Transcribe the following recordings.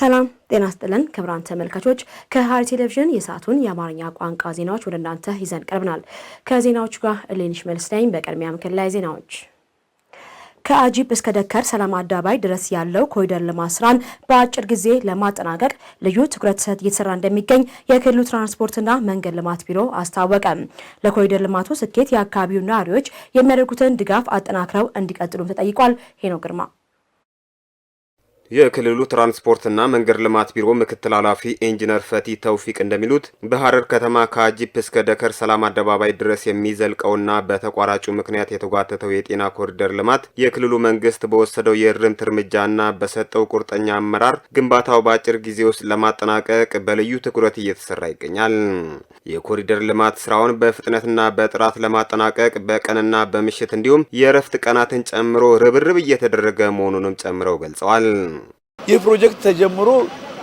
ሰላም ጤና ስጥልን ክብራን ተመልካቾች፣ ከሐረሪ ቴሌቪዥን የሰዓቱን የአማርኛ ቋንቋ ዜናዎች ወደ እናንተ ይዘን ቀርብናል። ከዜናዎቹ ጋር እሌንሽ መልስዳኝ። በቅድሚያ ላይ ዜናዎች ከአጂብ እስከ ደከር ሰላም አደባባይ ድረስ ያለው ኮሪደር ልማት ስራን በአጭር ጊዜ ለማጠናቀቅ ልዩ ትኩረት እየተሰራ እንደሚገኝ የክልሉ ትራንስፖርትና መንገድ ልማት ቢሮ አስታወቀ። ለኮሪደር ልማቱ ስኬት የአካባቢው ነዋሪዎች የሚያደርጉትን ድጋፍ አጠናክረው እንዲቀጥሉም ተጠይቋል። ሄኖ ግርማ የክልሉ ትራንስፖርትና መንገድ ልማት ቢሮ ምክትል ኃላፊ ኢንጂነር ፈቲ ተውፊቅ እንደሚሉት በሐረር ከተማ ከአጂፕ እስከ ደከር ሰላም አደባባይ ድረስ የሚዘልቀውና በተቋራጩ ምክንያት የተጓተተው የጤና ኮሪደር ልማት የክልሉ መንግስት በወሰደው የእርምት እርምጃና በሰጠው ቁርጠኛ አመራር ግንባታው በአጭር ጊዜ ውስጥ ለማጠናቀቅ በልዩ ትኩረት እየተሰራ ይገኛል። የኮሪደር ልማት ስራውን በፍጥነትና በጥራት ለማጠናቀቅ በቀንና በምሽት እንዲሁም የእረፍት ቀናትን ጨምሮ ርብርብ እየተደረገ መሆኑንም ጨምረው ገልጸዋል። ይህ ፕሮጀክት ተጀምሮ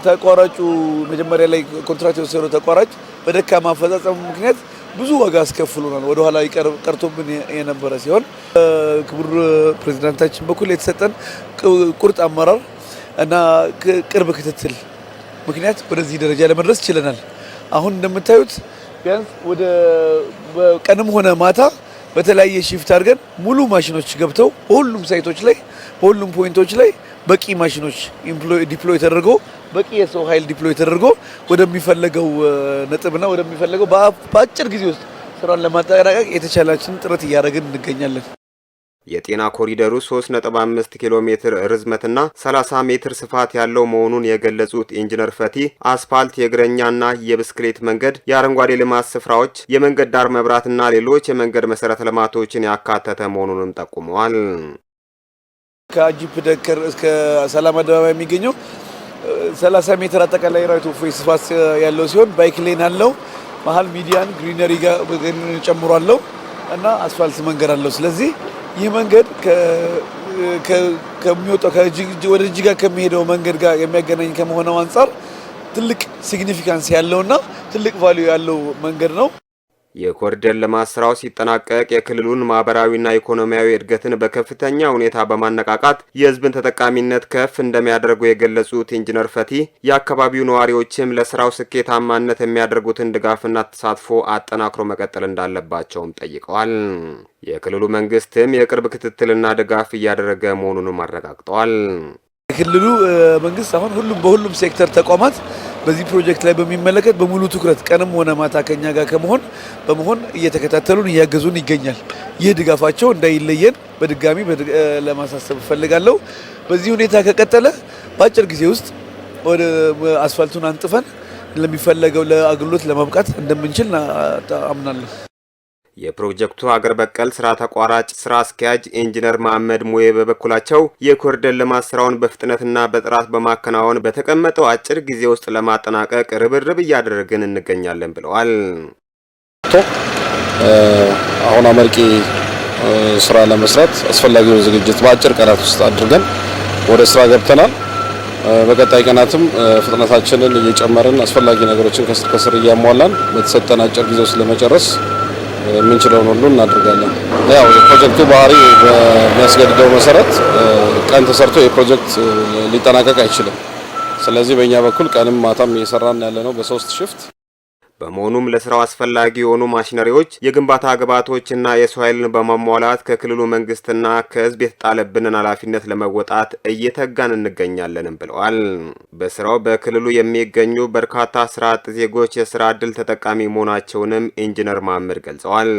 ተቋራጩ መጀመሪያ ላይ ኮንትራክት የወሰደው ተቋራጭ በደካማ አፈጻጸሙ ምክንያት ብዙ ዋጋ አስከፍሎናል። ወደኋላ ቀርቶብን የነበረ ሲሆን ክቡር ፕሬዚዳንታችን በኩል የተሰጠን ቁርጥ አመራር እና ቅርብ ክትትል ምክንያት ወደዚህ ደረጃ ለመድረስ ችለናል። አሁን እንደምታዩት ቢያንስ ወደ ቀንም ሆነ ማታ በተለያየ ሽፍት አድርገን ሙሉ ማሽኖች ገብተው በሁሉም ሳይቶች ላይ በሁሉም ፖይንቶች ላይ በቂ ማሽኖች ዲፕሎይ ተደርጎ በቂ የሰው ኃይል ዲፕሎይ ተደርጎ ወደሚፈለገው ነጥብና ወደሚፈለገው በአጭር ጊዜ ውስጥ ስራውን ለማጠናቀቅ የተቻላችን ጥረት እያደረግን እንገኛለን። የጤና ኮሪደሩ 3.5 ኪሎ ሜትር ርዝመትና 30 ሜትር ስፋት ያለው መሆኑን የገለጹት ኢንጂነር ፈቲ አስፋልት፣ የእግረኛና የብስክሌት መንገድ፣ የአረንጓዴ ልማት ስፍራዎች፣ የመንገድ ዳር መብራትና ሌሎች የመንገድ መሰረተ ልማቶችን ያካተተ መሆኑንም ጠቁመዋል። ከአጂፕ ደከር እስከ ሰላም አደባባይ የሚገኘው 30 ሜትር አጠቃላይ ራይቱ ፌስፋስ ያለው ሲሆን ባይክ ሌን አለው። መሀል ሚዲያን ግሪነሪ ጨምሮ አለው እና አስፋልት መንገድ አለው። ስለዚህ ይህ መንገድ ከሚወጣው ወደ ጅጅጋ ከሚሄደው መንገድ ጋር የሚያገናኝ ከመሆነው አንጻር ትልቅ ሲግኒፊካንስ ያለውና ትልቅ ቫሊዩ ያለው መንገድ ነው። የኮሪደር ልማት ስራው ሲጠናቀቅ የክልሉን ማህበራዊና ኢኮኖሚያዊ እድገትን በከፍተኛ ሁኔታ በማነቃቃት የህዝብን ተጠቃሚነት ከፍ እንደሚያደርጉ የገለጹት ኢንጂነር ፈቲ የአካባቢው ነዋሪዎችም ለስራው ስኬታማነት የሚያደርጉትን ድጋፍና ተሳትፎ አጠናክሮ መቀጠል እንዳለባቸውም ጠይቀዋል። የክልሉ መንግስትም የቅርብ ክትትልና ድጋፍ እያደረገ መሆኑንም አረጋግጠዋል። የክልሉ መንግስት አሁን ሁሉም በሁሉም ሴክተር ተቋማት በዚህ ፕሮጀክት ላይ በሚመለከት በሙሉ ትኩረት ቀንም ሆነ ማታ ከኛ ጋር ከመሆን በመሆን እየተከታተሉን እያገዙን ይገኛል። ይህ ድጋፋቸው እንዳይለየን በድጋሚ ለማሳሰብ እፈልጋለሁ። በዚህ ሁኔታ ከቀጠለ በአጭር ጊዜ ውስጥ ወደ አስፋልቱን አንጥፈን ለሚፈለገው ለአገልግሎት ለማብቃት እንደምንችል አምናለሁ። የፕሮጀክቱ ሀገር በቀል ስራ ተቋራጭ ስራ አስኪያጅ ኢንጂነር መሐመድ ሙዬ በበኩላቸው የኮሪደር ልማት ስራውን በፍጥነትና በጥራት በማከናወን በተቀመጠው አጭር ጊዜ ውስጥ ለማጠናቀቅ ርብርብ እያደረግን እንገኛለን ብለዋል። አሁን አመርቂ ስራ ለመስራት አስፈላጊውን ዝግጅት በአጭር ቀናት ውስጥ አድርገን ወደ ስራ ገብተናል። በቀጣይ ቀናትም ፍጥነታችንን እየጨመርን አስፈላጊ ነገሮችን ከስር ከስር እያሟላን በተሰጠን አጭር ጊዜ ውስጥ ለመጨረስ የምንችለውን ሁሉ እናደርጋለን። ያው የፕሮጀክቱ ባህሪ በሚያስገድደው መሰረት ቀን ተሰርቶ የፕሮጀክት ሊጠናቀቅ አይችልም። ስለዚህ በእኛ በኩል ቀንም ማታም እየሰራን ያለ ነው በሶስት ሽፍት በመሆኑም ለስራው አስፈላጊ የሆኑ ማሽነሪዎች፣ የግንባታ ግብዓቶችና የሰው ኃይልን በማሟላት ከክልሉ መንግስትና ከህዝብ የተጣለብንን ኃላፊነት ለመወጣት እየተጋን እንገኛለንም ብለዋል። በስራው በክልሉ የሚገኙ በርካታ ስራ አጥ ዜጎች የስራ እድል ተጠቃሚ መሆናቸውንም ኢንጂነር ማምር ገልጸዋል።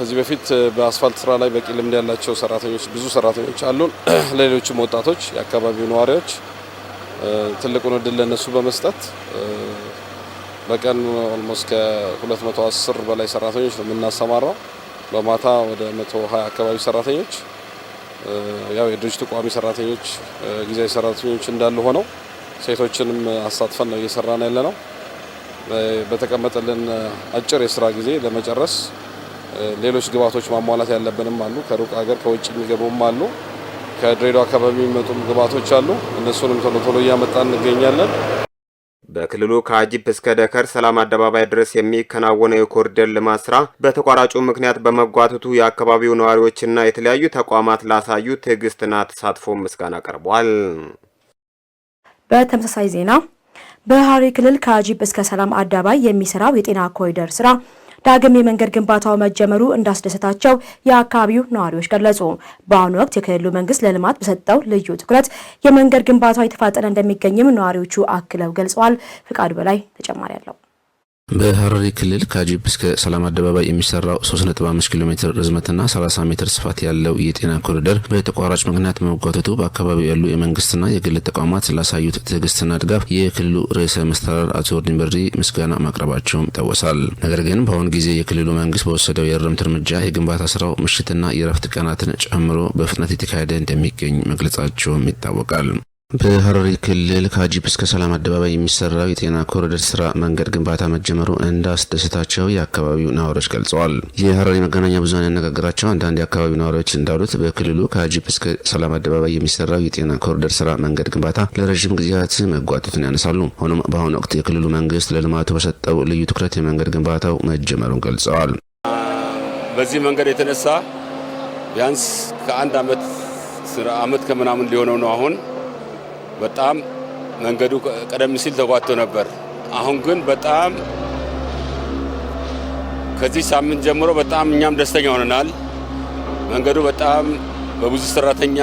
ከዚህ በፊት በአስፋልት ስራ ላይ በቂ ልምድ ያላቸው ሰራተኞች ብዙ ሰራተኞች አሉን። ለሌሎችም ወጣቶች የአካባቢው ነዋሪዎች ትልቁን እድል ለነሱ በመስጠት በቀን ኦልሞስት ከ210 በላይ ሰራተኞች ነው የምናሰማራው። በማታ ወደ 120 አካባቢ ሰራተኞች ያው የድርጅቱ ቋሚ ሰራተኞች፣ ጊዜያዊ ሰራተኞች እንዳሉ ሆነው ሴቶችንም አሳትፈን ነው እየሰራ ያለ ነው። በተቀመጠልን አጭር የስራ ጊዜ ለመጨረስ ሌሎች ግብዓቶች ማሟላት ያለብንም አሉ። ከሩቅ ሀገር ከውጭ የሚገቡም አሉ። ከድሬዳዋ አካባቢ የሚመጡም ግባቶች አሉ። እነሱንም ቶሎ ቶሎ እያመጣን እንገኛለን። በክልሉ ከአጂፕ እስከ ደከር ሰላም አደባባይ ድረስ የሚከናወነው የኮሪደር ልማት ስራ በተቋራጩ ምክንያት በመጓተቱ የአካባቢው ነዋሪዎችና የተለያዩ ተቋማት ላሳዩ ትዕግስትና ተሳትፎ ምስጋና ቀርቧል። በተመሳሳይ ዜና በሐረሪ ክልል ከአጂፕ እስከ ሰላም አደባባይ የሚሰራው የጤና ኮሪደር ስራ ዳግም የመንገድ ግንባታው መጀመሩ እንዳስደሰታቸው የአካባቢው ነዋሪዎች ገለጹ። በአሁኑ ወቅት የክልሉ መንግስት ለልማት በሰጠው ልዩ ትኩረት የመንገድ ግንባታው የተፋጠነ እንደሚገኝም ነዋሪዎቹ አክለው ገልጸዋል። ፍቃዱ በላይ ተጨማሪ አለው። በሐረሪ ክልል ከአጂፕ እስከ ሰላም አደባባይ የሚሰራው 3.5 ኪሎ ሜትር ርዝመትና 30 ሜትር ስፋት ያለው የጤና ኮሪደር በተቋራጭ ምክንያት መጓተቱ በአካባቢው ያሉ የመንግስትና የግል ተቋማት ላሳዩት ትዕግስትና ድጋፍ የክልሉ ርዕሰ መስተዳደር አቶ ወርዲን ምስጋና ማቅረባቸውም ይታወሳል። ነገር ግን በአሁኑ ጊዜ የክልሉ መንግስት በወሰደው የእርምት እርምጃ የግንባታ ስራው ምሽትና የረፍት ቀናትን ጨምሮ በፍጥነት የተካሄደ እንደሚገኝ መግለጻቸውም ይታወቃል። በሐረሪ ክልል ከአጂፕ እስከ ሰላም አደባባይ የሚሰራው የጤና ኮሪደር ስራ መንገድ ግንባታ መጀመሩ እንዳስደሰታቸው የአካባቢው ነዋሪዎች ገልጸዋል። የሐረሪ መገናኛ ብዙሃን ያነጋገራቸው አንዳንድ የአካባቢው ነዋሪዎች እንዳሉት በክልሉ ከአጂፕ እስከ ሰላም አደባባይ የሚሰራው የጤና ኮሪደር ስራ መንገድ ግንባታ ለረዥም ጊዜያት መጓተቱን ያነሳሉ። ሆኖም በአሁኑ ወቅት የክልሉ መንግስት ለልማቱ በሰጠው ልዩ ትኩረት የመንገድ ግንባታው መጀመሩን ገልጸዋል። በዚህ መንገድ የተነሳ ቢያንስ ከአንድ አመት አመት ከምናምን ሊሆነው ነው አሁን በጣም መንገዱ ቀደም ሲል ተጓቶ ነበር። አሁን ግን በጣም ከዚህ ሳምንት ጀምሮ በጣም እኛም ደስተኛ ሆነናል። መንገዱ በጣም በብዙ ሰራተኛ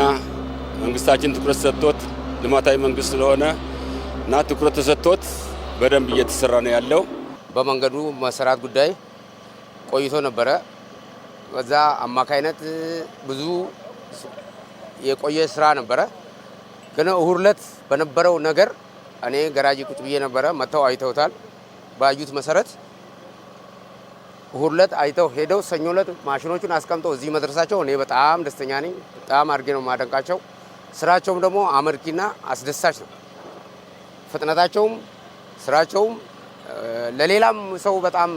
መንግስታችን ትኩረት ሰጥቶት ልማታዊ መንግስት ስለሆነ እና ትኩረት ተሰጥቶት በደንብ እየተሰራ ነው ያለው። በመንገዱ መሰራት ጉዳይ ቆይቶ ነበረ። በዛ አማካይነት ብዙ የቆየ ስራ ነበረ። ግን እሁድ ዕለት በነበረው ነገር እኔ ገራጅ ቁጭ ብዬ ነበረ። መጥተው አይተውታል። ባዩት መሰረት እሁድ ዕለት አይተው ሄደው ሰኞ ዕለት ማሽኖቹን አስቀምጠው እዚህ መድረሳቸው እኔ በጣም ደስተኛ ነኝ። በጣም አድርጌ ነው የማደንቃቸው። ስራቸውም ደግሞ አመርቂና አስደሳች ነው። ፍጥነታቸውም ስራቸውም ለሌላም ሰው በጣም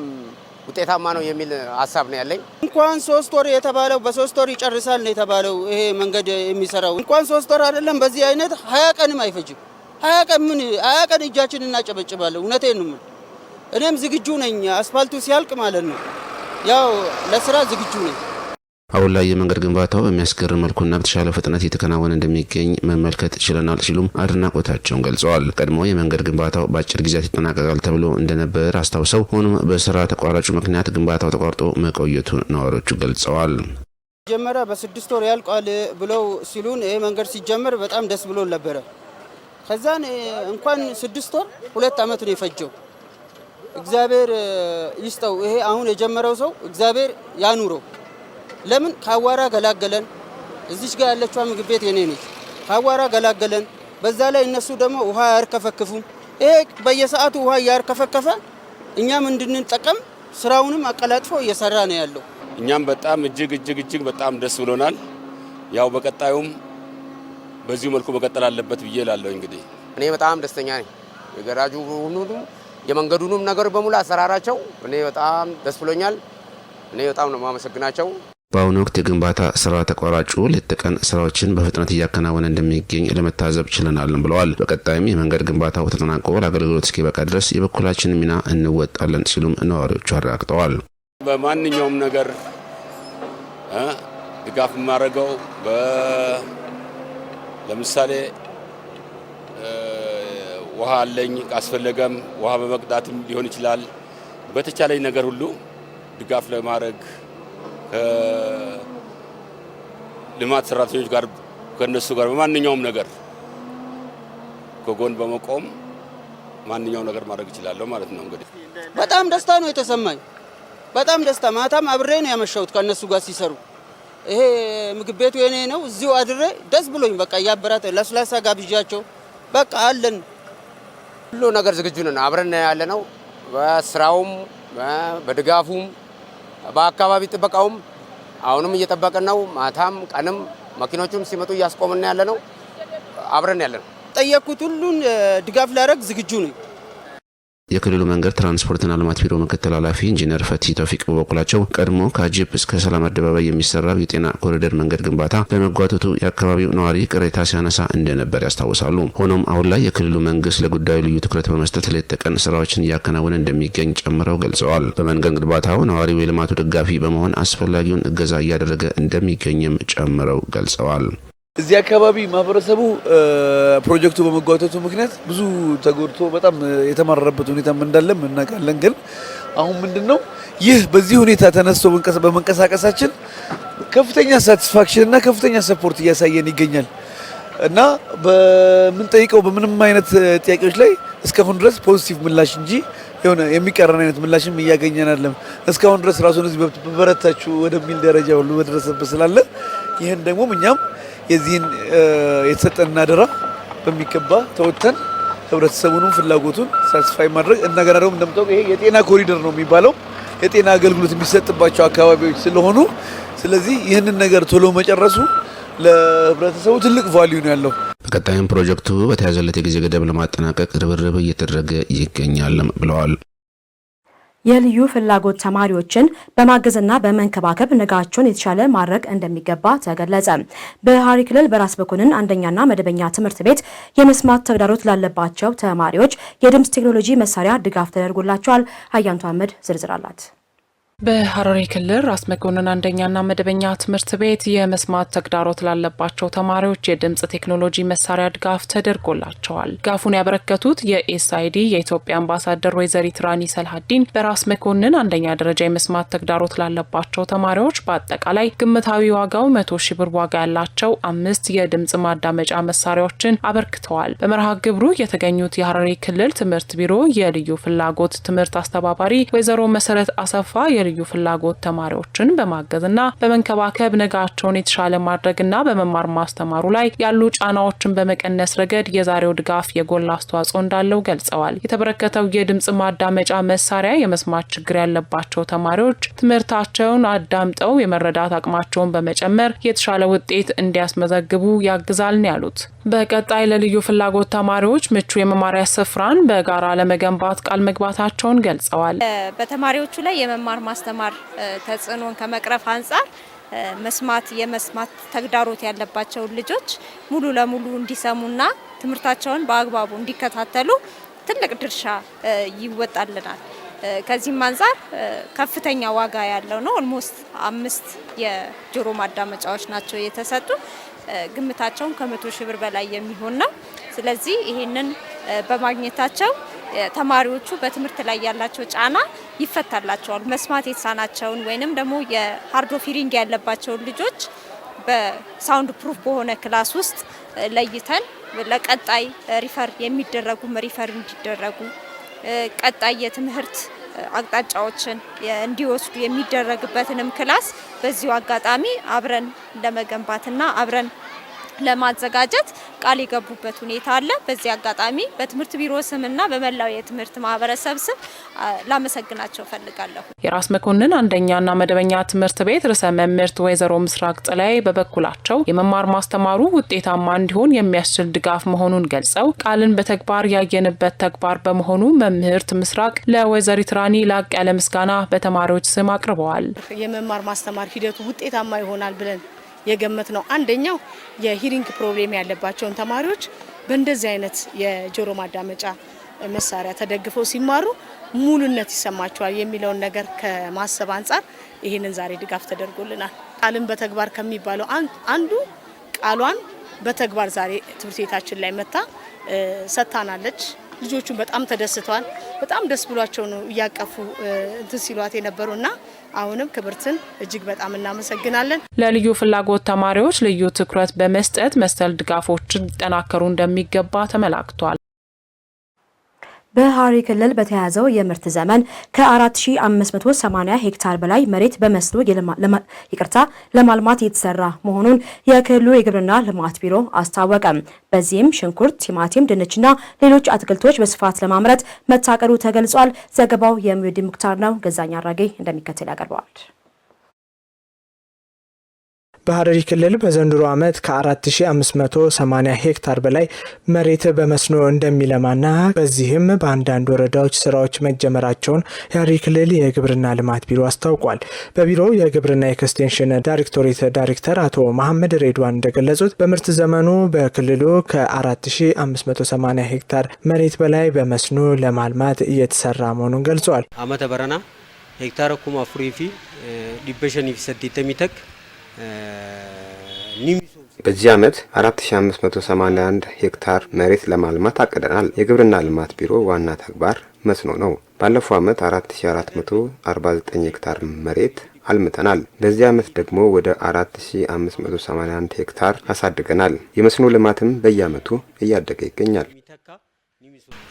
ውጤታማ ነው የሚል ሀሳብ ነው ያለኝ። እንኳን ሶስት ወር የተባለው በሶስት ወር ይጨርሳል ነው የተባለው። ይሄ መንገድ የሚሰራው እንኳን ሶስት ወር አይደለም፣ በዚህ አይነት ሀያ ቀንም አይፈጅም። ሀያ ቀን ምን ሀያ ቀን እጃችን እናጨበጭባለሁ። እውነቴን ነው። እኔም ዝግጁ ነኝ፣ አስፋልቱ ሲያልቅ ማለት ነው። ያው ለስራ ዝግጁ ነኝ። አሁን ላይ የመንገድ ግንባታው በሚያስገርም መልኩና በተሻለ ፍጥነት እየተከናወነ እንደሚገኝ መመልከት ችለናል ሲሉም አድናቆታቸውን ገልጸዋል። ቀድሞ የመንገድ ግንባታው በአጭር ጊዜያት ይጠናቀቃል ተብሎ እንደነበር አስታውሰው፣ ሆኖም በስራ ተቋራጩ ምክንያት ግንባታው ተቋርጦ መቆየቱ ነዋሪዎቹ ገልጸዋል። መጀመሪያ በስድስት ወር ያልቋል ብለው ሲሉን ይህ መንገድ ሲጀመር በጣም ደስ ብሎ ነበረ። ከዛን እንኳን ስድስት ወር ሁለት ዓመት ነው የፈጀው። እግዚአብሔር ይስጠው። ይሄ አሁን የጀመረው ሰው እግዚአብሔር ያኑረው። ለምን ካዋራ ገላገለን። እዚች ጋር ያለችዋ ምግብ ቤት የኔ ነች። ካዋራ ገላገለን። በዛ ላይ እነሱ ደግሞ ውሃ አያርከፈክፉም። ይሄ በየሰዓቱ ውሃ እያርከፈከፈ እኛም እንድንጠቀም ስራውንም አቀላጥፎ እየሰራ ነው ያለው። እኛም በጣም እጅግ እጅግ እጅግ በጣም ደስ ብሎናል። ያው በቀጣዩም በዚሁ መልኩ መቀጠል አለበት ብዬ ላለው እንግዲህ እኔ በጣም ደስተኛ ነኝ። የገራጁ ሁሉም የመንገዱንም ነገር በሙሉ አሰራራቸው እኔ በጣም ደስ ብሎኛል። እኔ በጣም ነው የማመሰግናቸው። በአሁኑ ወቅት የግንባታ ስራ ተቋራጩ ሌት ቀን ስራዎችን በፍጥነት እያከናወነ እንደሚገኝ ለመታዘብ ችለናልን ብለዋል። በቀጣይም የመንገድ ግንባታው ተጠናቆ ለአገልግሎት እስኪበቃ ድረስ የበኩላችን ሚና እንወጣለን ሲሉም ነዋሪዎቹ አረጋግጠዋል። በማንኛውም ነገር ድጋፍ የማደርገው ለምሳሌ ውሃ አለኝ፣ ካስፈለገም ውሃ በመቅዳትም ሊሆን ይችላል። በተቻለኝ ነገር ሁሉ ድጋፍ ለማድረግ ልማት ሰራተኞች ጋር ከነሱ ጋር በማንኛውም ነገር ከጎን በመቆም ማንኛውም ነገር ማድረግ እችላለሁ ማለት ነው። እንግዲህ በጣም ደስታ ነው የተሰማኝ። በጣም ደስታ ማታም አብሬ ነው ያመሻሁት ከነሱ ጋር ሲሰሩ። ይሄ ምግብ ቤቱ የኔ ነው። እዚሁ አድሬ ደስ ብሎኝ በቃ እያበራት ለስላሳ ጋብዣቸው በቃ አለን ሁሉ ነገር ዝግጁ ነን። አብረን ያለ ነው በስራውም በድጋፉም በአካባቢ ጥበቃውም አሁንም እየጠበቅን ነው። ማታም ቀንም መኪኖቹም ሲመጡ እያስቆምና ያለ ነው። አብረን ያለ ነው። ጠየቅኩት ሁሉን ድጋፍ ላደረግ ዝግጁ ነኝ። የክልሉ መንገድ ትራንስፖርትና ልማት ቢሮ ምክትል ኃላፊ ኢንጂነር ፈቲ ተውፊቅ በበኩላቸው ቀድሞ ከአጅብ እስከ ሰላም አደባባይ የሚሰራው የጤና ኮሪደር መንገድ ግንባታ በመጓተቱ የአካባቢው ነዋሪ ቅሬታ ሲያነሳ እንደነበር ያስታውሳሉ። ሆኖም አሁን ላይ የክልሉ መንግስት ለጉዳዩ ልዩ ትኩረት በመስጠት ሌት ተቀን ስራዎችን እያከናወነ እንደሚገኝ ጨምረው ገልጸዋል። በመንገድ ግንባታው ነዋሪው የልማቱ ደጋፊ በመሆን አስፈላጊውን እገዛ እያደረገ እንደሚገኝም ጨምረው ገልጸዋል። እዚህ አካባቢ ማህበረሰቡ ፕሮጀክቱ በመጓተቱ ምክንያት ብዙ ተጎድቶ በጣም የተማረረበት ሁኔታ እንዳለም እናውቃለን። ግን አሁን ምንድን ነው ይህ በዚህ ሁኔታ ተነስቶ በመንቀሳቀሳችን ከፍተኛ ሳቲስፋክሽን እና ከፍተኛ ሰፖርት እያሳየን ይገኛል እና በምንጠይቀው በምንም አይነት ጥያቄዎች ላይ እስካሁን ድረስ ፖዚቲቭ ምላሽ እንጂ የሆነ የሚቀረን አይነት ምላሽም እያገኘናለም እስካሁን ድረስ ራሱን ህዝብ በበረታችሁ ወደሚል ደረጃ ሁሉ በደረሰበት ስላለ ይህን ደግሞ እኛም የዚህን የተሰጠና አደራ በሚገባ ተወጥተን ህብረተሰቡንም ፍላጎቱን ሳትስፋይ ማድረግ እንደገና ደግሞ እንደምታውቀው ይሄ የጤና ኮሪደር ነው የሚባለው የጤና አገልግሎት የሚሰጥባቸው አካባቢዎች ስለሆኑ ስለዚህ ይህንን ነገር ቶሎ መጨረሱ ለህብረተሰቡ ትልቅ ቫልዩ ነው ያለው። በቀጣይም ፕሮጀክቱ በተያዘለት የጊዜ ገደብ ለማጠናቀቅ ርብርብ እየተደረገ ይገኛል ብለዋል። የልዩ ፍላጎት ተማሪዎችን በማገዝና በመንከባከብ ንጋቸውን የተሻለ ማድረግ እንደሚገባ ተገለጸ። በሐረሪ ክልል በራስ መኮንን አንደኛና መደበኛ ትምህርት ቤት የመስማት ተግዳሮት ላለባቸው ተማሪዎች የድምፅ ቴክኖሎጂ መሳሪያ ድጋፍ ተደርጎላቸዋል። አያንቱ አህመድ ዝርዝር አላት። በሐረሪ ክልል ራስ መኮንን አንደኛና መደበኛ ትምህርት ቤት የመስማት ተግዳሮት ላለባቸው ተማሪዎች የድምፅ ቴክኖሎጂ መሳሪያ ድጋፍ ተደርጎላቸዋል። ድጋፉን ያበረከቱት የኤስአይዲ የኢትዮጵያ አምባሳደር ወይዘሪት ራኒ ሰልሀዲን በራስ መኮንን አንደኛ ደረጃ የመስማት ተግዳሮት ላለባቸው ተማሪዎች በአጠቃላይ ግምታዊ ዋጋው መቶ ሺ ብር ዋጋ ያላቸው አምስት የድምፅ ማዳመጫ መሳሪያዎችን አበርክተዋል። በመርሃ ግብሩ የተገኙት የሐረሪ ክልል ትምህርት ቢሮ የልዩ ፍላጎት ትምህርት አስተባባሪ ወይዘሮ መሰረት አሰፋ ልዩ ፍላጎት ተማሪዎችን በማገዝና በመንከባከብ ነጋቸውን የተሻለ ማድረግና በመማር ማስተማሩ ላይ ያሉ ጫናዎችን በመቀነስ ረገድ የዛሬው ድጋፍ የጎላ አስተዋጽኦ እንዳለው ገልጸዋል። የተበረከተው የድምፅ ማዳመጫ መሳሪያ የመስማት ችግር ያለባቸው ተማሪዎች ትምህርታቸውን አዳምጠው የመረዳት አቅማቸውን በመጨመር የተሻለ ውጤት እንዲያስመዘግቡ ያግዛል ነው ያሉት። በቀጣይ ለልዩ ፍላጎት ተማሪዎች ምቹ የመማሪያ ስፍራን በጋራ ለመገንባት ቃል መግባታቸውን ገልጸዋል። በተማሪዎቹ ላይ የመማር ማስ የማስተማር ተጽዕኖን ከመቅረፍ አንጻር መስማት የመስማት ተግዳሮት ያለባቸውን ልጆች ሙሉ ለሙሉ እንዲሰሙና ትምህርታቸውን በአግባቡ እንዲከታተሉ ትልቅ ድርሻ ይወጣልናል። ከዚህም አንጻር ከፍተኛ ዋጋ ያለው ነው። ኦልሞስት አምስት የጆሮ ማዳመጫዎች ናቸው የተሰጡ። ግምታቸውን ከመቶ ሺህ ብር በላይ የሚሆን ነው። ስለዚህ ይህንን በማግኘታቸው ተማሪዎቹ በትምህርት ላይ ያላቸው ጫና ይፈታላቸዋል። መስማት የተሳናቸውን ወይንም ደግሞ የሃርድ ኦፍ ሂሪንግ ያለባቸውን ልጆች በሳውንድ ፕሩፍ በሆነ ክላስ ውስጥ ለይተን ለቀጣይ ሪፈር የሚደረጉ ሪፈር እንዲደረጉ ቀጣይ የትምህርት አቅጣጫዎችን እንዲወስዱ የሚደረግበትንም ክላስ በዚሁ አጋጣሚ አብረን ለመገንባትና አብረን ለማዘጋጀት ቃል የገቡበት ሁኔታ አለ። በዚህ አጋጣሚ በትምህርት ቢሮ ስምና በመላው የትምህርት ማህበረሰብ ስም ላመሰግናቸው ፈልጋለሁ። የራስ መኮንን አንደኛና መደበኛ ትምህርት ቤት ርዕሰ መምህርት ወይዘሮ ምስራቅ ጥላይ በበኩላቸው የመማር ማስተማሩ ውጤታማ እንዲሆን የሚያስችል ድጋፍ መሆኑን ገልጸው ቃልን በተግባር ያየንበት ተግባር በመሆኑ መምህርት ምስራቅ ለወይዘሪት ራኒ ላቅ ያለ ምስጋና በተማሪዎች ስም አቅርበዋል። የመማር ማስተማር ሂደቱ ውጤታማ ይሆናል ብለን የገመት ነው። አንደኛው የሂሪንግ ፕሮብሌም ያለባቸውን ተማሪዎች በእንደዚህ አይነት የጆሮ ማዳመጫ መሳሪያ ተደግፈው ሲማሩ ሙሉነት ይሰማቸዋል የሚለውን ነገር ከማሰብ አንጻር ይህንን ዛሬ ድጋፍ ተደርጎልናል። ቃልን በተግባር ከሚባለው አንዱ ቃሏን በተግባር ዛሬ ትምህርት ቤታችን ላይ መታ ሰጥታናለች። ልጆቹን በጣም ተደስተዋል። በጣም ደስ ብሏቸው ነው እያቀፉ እንትን ሲሏት የነበሩ እና አሁንም ክብርትን እጅግ በጣም እናመሰግናለን። ለልዩ ፍላጎት ተማሪዎች ልዩ ትኩረት በመስጠት መሰል ድጋፎችን ሊጠናከሩ እንደሚገባ ተመላክቷል። በሐረሪ ክልል በተያዘው የምርት ዘመን ከ4580 ሄክታር በላይ መሬት በመስኖ ይቅርታ ለማልማት የተሰራ መሆኑን የክልሉ የግብርና ልማት ቢሮ አስታወቀም። በዚህም ሽንኩርት፣ ቲማቲም፣ ድንችና ሌሎች አትክልቶች በስፋት ለማምረት መታቀዱ ተገልጿል። ዘገባው የሙዲ ሙክታር ነው። ገዛኛ አራጌ እንደሚከተል ያቀርበዋል። በሀረሪ ክልል በዘንድሮ ዓመት ከ4580 ሄክታር በላይ መሬት በመስኖ እንደሚለማና በዚህም በአንዳንድ ወረዳዎች ስራዎች መጀመራቸውን የሀረሪ ክልል የግብርና ልማት ቢሮ አስታውቋል። በቢሮው የግብርና ኤክስቴንሽን ዳይሬክቶሬት ዳይሬክተር አቶ መሐመድ ሬድዋን እንደገለጹት በምርት ዘመኑ በክልሉ ከ4580 ሄክታር መሬት በላይ በመስኖ ለማልማት እየተሰራ መሆኑን ገልጿል። አመተ በረና ሄክታር ኩማ ፍሪፊ ዲበሸን በዚህ ዓመት 4581 ሄክታር መሬት ለማልማት አቅደናል። የግብርና ልማት ቢሮ ዋና ተግባር መስኖ ነው። ባለፈው ዓመት 4449 ሄክታር መሬት አልምተናል። በዚህ ዓመት ደግሞ ወደ 4581 ሄክታር አሳድገናል። የመስኖ ልማትም በየዓመቱ እያደገ ይገኛል።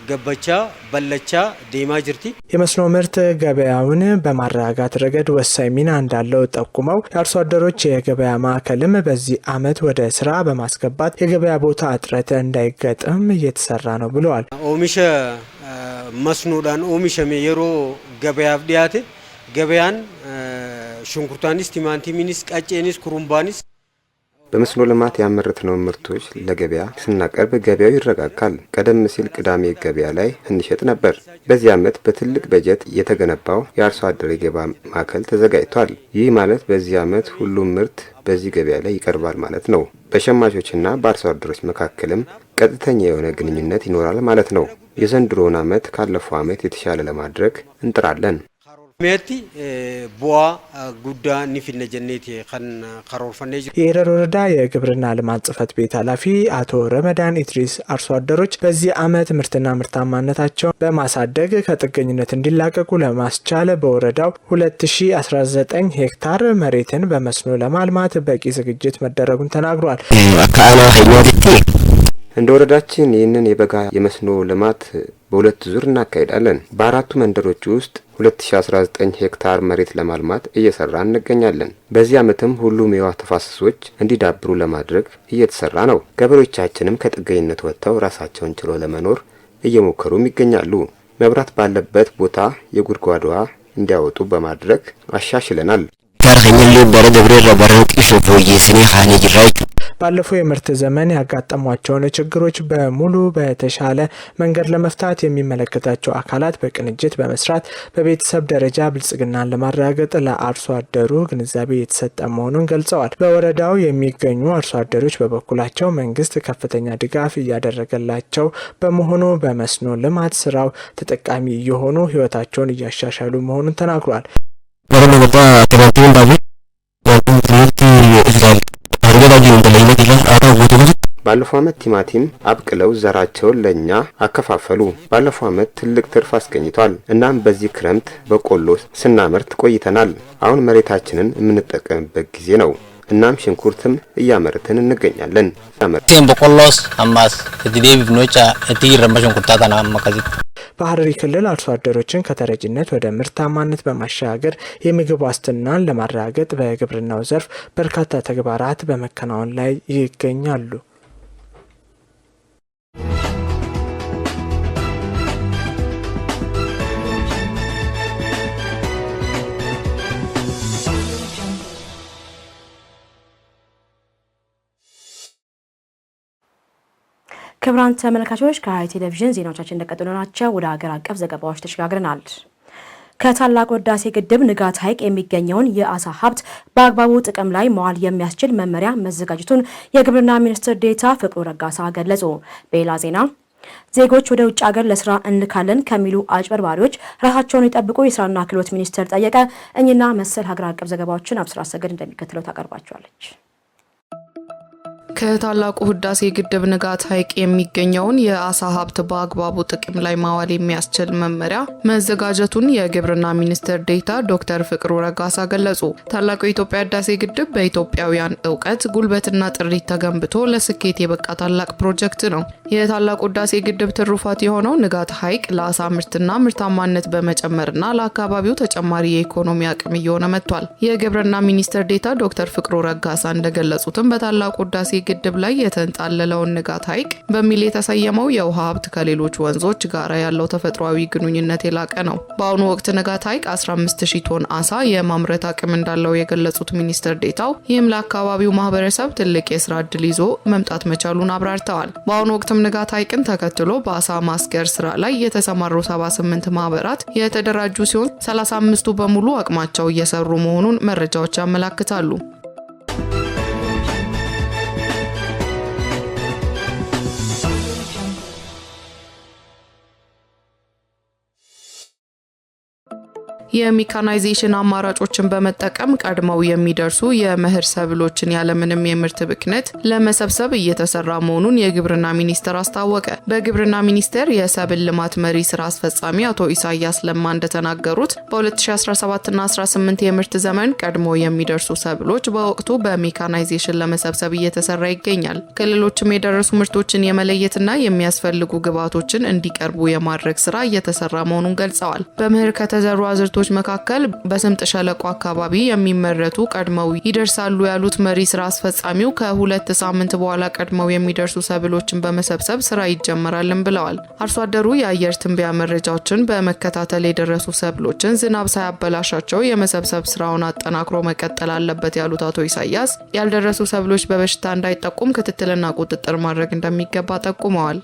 ገበቻ በለቻ ዴማ ጅርቲ የመስኖ ምርት ገበያውን በማረጋጋት ረገድ ወሳኝ ሚና እንዳለው ጠቁመው የአርሶ አደሮች የገበያ ማዕከልም በዚህ ዓመት ወደ ስራ በማስገባት የገበያ ቦታ እጥረት እንዳይገጥም እየተሰራ ነው ብለዋል። ኦሚሸ መስኖዳን ኦሚሸ የሮ ገበያ ብዲያት ገበያን ሽንኩርታኒስ ቲማንቲሚኒስ ቀጬኒስ ኩሩምባኒስ በመስኖ ልማት ያመረትነውን ምርቶች ለገበያ ስናቀርብ ገበያው ይረጋጋል። ቀደም ሲል ቅዳሜ ገበያ ላይ እንሸጥ ነበር። በዚህ ዓመት በትልቅ በጀት የተገነባው የአርሶ አደር የገበያ ማዕከል ተዘጋጅቷል። ይህ ማለት በዚህ ዓመት ሁሉም ምርት በዚህ ገበያ ላይ ይቀርባል ማለት ነው። በሸማቾችና በአርሶ አደሮች መካከልም ቀጥተኛ የሆነ ግንኙነት ይኖራል ማለት ነው። የዘንድሮውን ዓመት ካለፈው ዓመት የተሻለ ለማድረግ እንጥራለን። Eh, eh, የኤረር ወረዳ የግብርና ልማት ጽህፈት ቤት ኃላፊ አቶ ረመዳን ኢትሪስ አርሶ አደሮች በዚህ ዓመት ምርትና ምርታማነታቸውን በማሳደግ ከጥገኝነት እንዲላቀቁ ለማስቻል በወረዳው 2019 ሄክታር መሬትን በመስኖ ለማልማት በቂ ዝግጅት መደረጉን ተናግሯል። እንደ ወረዳችን ይህንን የበጋ የመስኖ ልማት በሁለት ዙር እናካሄዳለን። በአራቱ መንደሮች ውስጥ 2019 ሄክታር መሬት ለማልማት እየሰራ እንገኛለን። በዚህ ዓመትም ሁሉም የውሃ ተፋሰሶች እንዲዳብሩ ለማድረግ እየተሰራ ነው። ገበሬዎቻችንም ከጥገኝነት ወጥተው ራሳቸውን ችሎ ለመኖር እየሞከሩም ይገኛሉ። መብራት ባለበት ቦታ የጉድጓድ ውሃ እንዲያወጡ በማድረግ አሻሽለናል። ታርኸኛ ሊበረ ገብሬ ረበረው ቂሾ ቮዬ ስኔ ኻኔ ባለፈው የምርት ዘመን ያጋጠሟቸውን ችግሮች በሙሉ በተሻለ መንገድ ለመፍታት የሚመለከታቸው አካላት በቅንጅት በመስራት በቤተሰብ ደረጃ ብልጽግናን ለማረጋገጥ ለአርሶ አደሩ ግንዛቤ የተሰጠ መሆኑን ገልጸዋል። በወረዳው የሚገኙ አርሶ አደሮች በበኩላቸው መንግስት ከፍተኛ ድጋፍ እያደረገላቸው በመሆኑ በመስኖ ልማት ስራው ተጠቃሚ እየሆኑ ህይወታቸውን እያሻሻሉ መሆኑን ተናግሯል። ባለፈው ዓመት ቲማቲም አብቅለው ዘራቸውን ለእኛ አከፋፈሉ። ባለፈው ዓመት ትልቅ ትርፍ አስገኝቷል። እናም በዚህ ክረምት በቆሎ ስናመርት ቆይተናል። አሁን መሬታችንን የምንጠቀምበት ጊዜ ነው። እናም ሽንኩርትም እያመረትን እንገኛለን። በቆሎስ አማስ በሐረሪ ክልል አርሶ አደሮችን ከተረጅነት ወደ ምርታማነት በማሸጋገር የምግብ ዋስትናን ለማረጋገጥ በግብርናው ዘርፍ በርካታ ተግባራት በመከናወን ላይ ይገኛሉ። ክቡራን ተመልካቾች ከሐረሪ ቴሌቪዥን ዜናዎቻችን እንደቀጠሉ ናቸው። ወደ ሀገር አቀፍ ዘገባዎች ተሸጋግረናል። ከታላቅ ህዳሴ ግድብ ንጋት ሐይቅ የሚገኘውን የአሳ ሀብት በአግባቡ ጥቅም ላይ መዋል የሚያስችል መመሪያ መዘጋጀቱን የግብርና ሚኒስትር ዴታ ፍቅሩ ረጋሳ ገለጹ። በሌላ ዜና ዜጎች ወደ ውጭ ሀገር ለስራ እንልካለን ከሚሉ አጭበርባሪዎች ራሳቸውን የጠብቁ የስራና ክህሎት ሚኒስቴር ጠየቀ። እኚህና መሰል ሀገር አቀፍ ዘገባዎችን አብስራ ሰገድ እንደሚከተለው ታቀርባቸዋለች። ከታላቁ ህዳሴ ግድብ ንጋት ሐይቅ የሚገኘውን የአሳ ሀብት በአግባቡ ጥቅም ላይ ማዋል የሚያስችል መመሪያ መዘጋጀቱን የግብርና ሚኒስትር ዴታ ዶክተር ፍቅሩ ረጋሳ ገለጹ። ታላቁ የኢትዮጵያ ህዳሴ ግድብ በኢትዮጵያውያን እውቀት፣ ጉልበትና ጥሪት ተገንብቶ ለስኬት የበቃ ታላቅ ፕሮጀክት ነው። የታላቁ ህዳሴ ግድብ ትሩፋት የሆነው ንጋት ሐይቅ ለአሳ ምርትና ምርታማነት በመጨመርና ለአካባቢው ተጨማሪ የኢኮኖሚ አቅም እየሆነ መጥቷል። የግብርና ሚኒስትር ዴታ ዶክተር ፍቅሩ ረጋሳ እንደገለጹትም በታላቁ ህዳሴ ግድብ ላይ የተንጣለለውን ንጋት ሐይቅ በሚል የተሰየመው የውሃ ሀብት ከሌሎች ወንዞች ጋር ያለው ተፈጥሯዊ ግንኙነት የላቀ ነው። በአሁኑ ወቅት ንጋት ሐይቅ 150 ቶን አሳ የማምረት አቅም እንዳለው የገለጹት ሚኒስትር ዴታው ይህም ለአካባቢው ማህበረሰብ ትልቅ የስራ እድል ይዞ መምጣት መቻሉን አብራርተዋል። በአሁኑ ወቅትም ንጋት ሐይቅን ተከትሎ በአሳ ማስገር ስራ ላይ የተሰማሩ 78 ማህበራት የተደራጁ ሲሆን 35ቱ በሙሉ አቅማቸው እየሰሩ መሆኑን መረጃዎች ያመላክታሉ። የሜካናይዜሽን አማራጮችን በመጠቀም ቀድመው የሚደርሱ የመኸር ሰብሎችን ያለምንም የምርት ብክነት ለመሰብሰብ እየተሰራ መሆኑን የግብርና ሚኒስቴር አስታወቀ። በግብርና ሚኒስቴር የሰብል ልማት መሪ ስራ አስፈጻሚ አቶ ኢሳያስ ለማ እንደተናገሩት በ2017ና 18 የምርት ዘመን ቀድሞ የሚደርሱ ሰብሎች በወቅቱ በሜካናይዜሽን ለመሰብሰብ እየተሰራ ይገኛል። ክልሎችም የደረሱ ምርቶችን የመለየትና የሚያስፈልጉ ግብዓቶችን እንዲቀርቡ የማድረግ ስራ እየተሰራ መሆኑን ገልጸዋል። በምህር ከተዘሩ አዝርቶ ምርቶች መካከል በስምጥ ሸለቆ አካባቢ የሚመረቱ ቀድመው ይደርሳሉ ያሉት መሪ ስራ አስፈጻሚው ከሁለት ሳምንት በኋላ ቀድመው የሚደርሱ ሰብሎችን በመሰብሰብ ስራ ይጀመራልን ብለዋል። አርሶ አደሩ የአየር ትንበያ መረጃዎችን በመከታተል የደረሱ ሰብሎችን ዝናብ ሳያበላሻቸው የመሰብሰብ ስራውን አጠናክሮ መቀጠል አለበት ያሉት አቶ ኢሳያስ ያልደረሱ ሰብሎች በበሽታ እንዳይጠቁም ክትትልና ቁጥጥር ማድረግ እንደሚገባ ጠቁመዋል።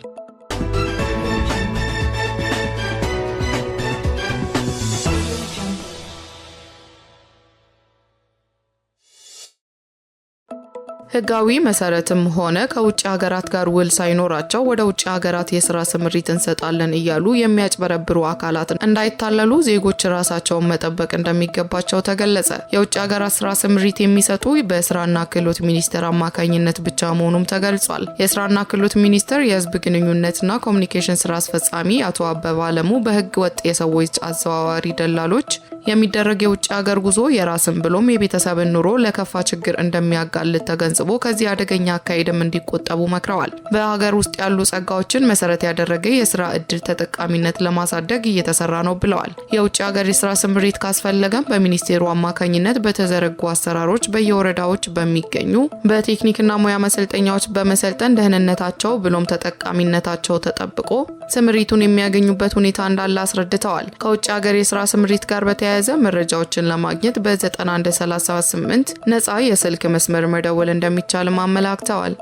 ህጋዊ መሰረትም ሆነ ከውጭ ሀገራት ጋር ውል ሳይኖራቸው ወደ ውጭ ሀገራት የስራ ስምሪት እንሰጣለን እያሉ የሚያጭበረብሩ አካላት እንዳይታለሉ ዜጎች ራሳቸውን መጠበቅ እንደሚገባቸው ተገለጸ። የውጭ ሀገራት ስራ ስምሪት የሚሰጡ በስራና ክህሎት ሚኒስቴር አማካኝነት ብቻ መሆኑም ተገልጿል። የስራና ክህሎት ሚኒስቴር የህዝብ ግንኙነትና ኮሚኒኬሽን ስራ አስፈጻሚ አቶ አበባ አለሙ በህገ ወጥ የሰዎች አዘዋዋሪ ደላሎች የሚደረግ የውጭ ሀገር ጉዞ የራስን ብሎም የቤተሰብን ኑሮ ለከፋ ችግር እንደሚያጋልጥ ተገንዝቦ ከዚህ አደገኛ አካሄድም እንዲቆጠቡ መክረዋል። በሀገር ውስጥ ያሉ ጸጋዎችን መሰረት ያደረገ የስራ እድል ተጠቃሚነት ለማሳደግ እየተሰራ ነው ብለዋል። የውጭ ሀገር የስራ ስምሪት ካስፈለገም በሚኒስቴሩ አማካኝነት በተዘረጉ አሰራሮች በየወረዳዎች በሚገኙ በቴክኒክና ሙያ መሰልጠኛዎች በመሰልጠን ደህንነታቸው ብሎም ተጠቃሚነታቸው ተጠብቆ ስምሪቱን የሚያገኙበት ሁኔታ እንዳለ አስረድተዋል። ከውጭ ሀገር የስራ ስምሪት ጋር በተያያዘ የተያያዘ መረጃዎችን ለማግኘት በ9138 ነፃ የስልክ መስመር መደወል እንደሚቻልም አመላክተዋል።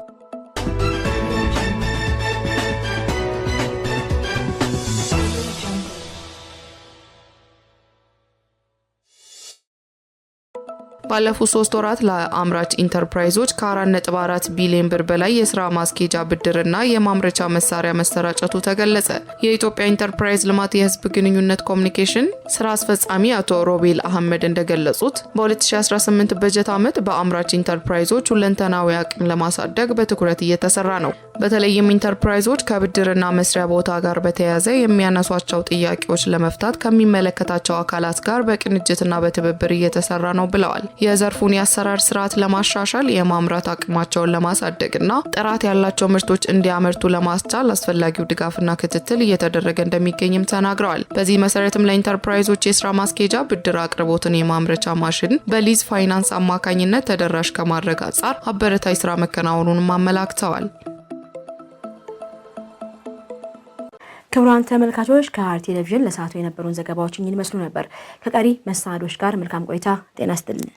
ባለፉት ሶስት ወራት ለአምራች ኢንተርፕራይዞች ከ4.4 ቢሊዮን ብር በላይ የስራ ማስኬጃ ብድርና የማምረቻ መሳሪያ መሰራጨቱ ተገለጸ። የኢትዮጵያ ኢንተርፕራይዝ ልማት የህዝብ ግንኙነት ኮሚኒኬሽን ስራ አስፈጻሚ አቶ ሮቤል አህመድ እንደገለጹት በ2018 በጀት ዓመት በአምራች ኢንተርፕራይዞች ሁለንተናዊ አቅም ለማሳደግ በትኩረት እየተሰራ ነው። በተለይም ኢንተርፕራይዞች ከብድርና መስሪያ ቦታ ጋር በተያያዘ የሚያነሷቸው ጥያቄዎች ለመፍታት ከሚመለከታቸው አካላት ጋር በቅንጅትና በትብብር እየተሰራ ነው ብለዋል። የዘርፉን የአሰራር ስርዓት ለማሻሻል የማምራት አቅማቸውን ለማሳደግና ጥራት ያላቸው ምርቶች እንዲያመርቱ ለማስቻል አስፈላጊው ድጋፍና ክትትል እየተደረገ እንደሚገኝም ተናግረዋል። በዚህ መሰረትም ለኢንተርፕራይዞች የስራ ማስኬጃ ብድር አቅርቦትን የማምረቻ ማሽን በሊዝ ፋይናንስ አማካኝነት ተደራሽ ከማድረግ አንጻር አበረታይ ስራ መከናወኑንም አመላክተዋል። ክቡራን ተመልካቾች ከሐረር ቴሌቪዥን ለሰዓቱ የነበሩን ዘገባዎች እኚህን ይመስሉ ነበር። ከቀሪ መሰናዶች ጋር መልካም ቆይታ። ጤና ይስጥልን።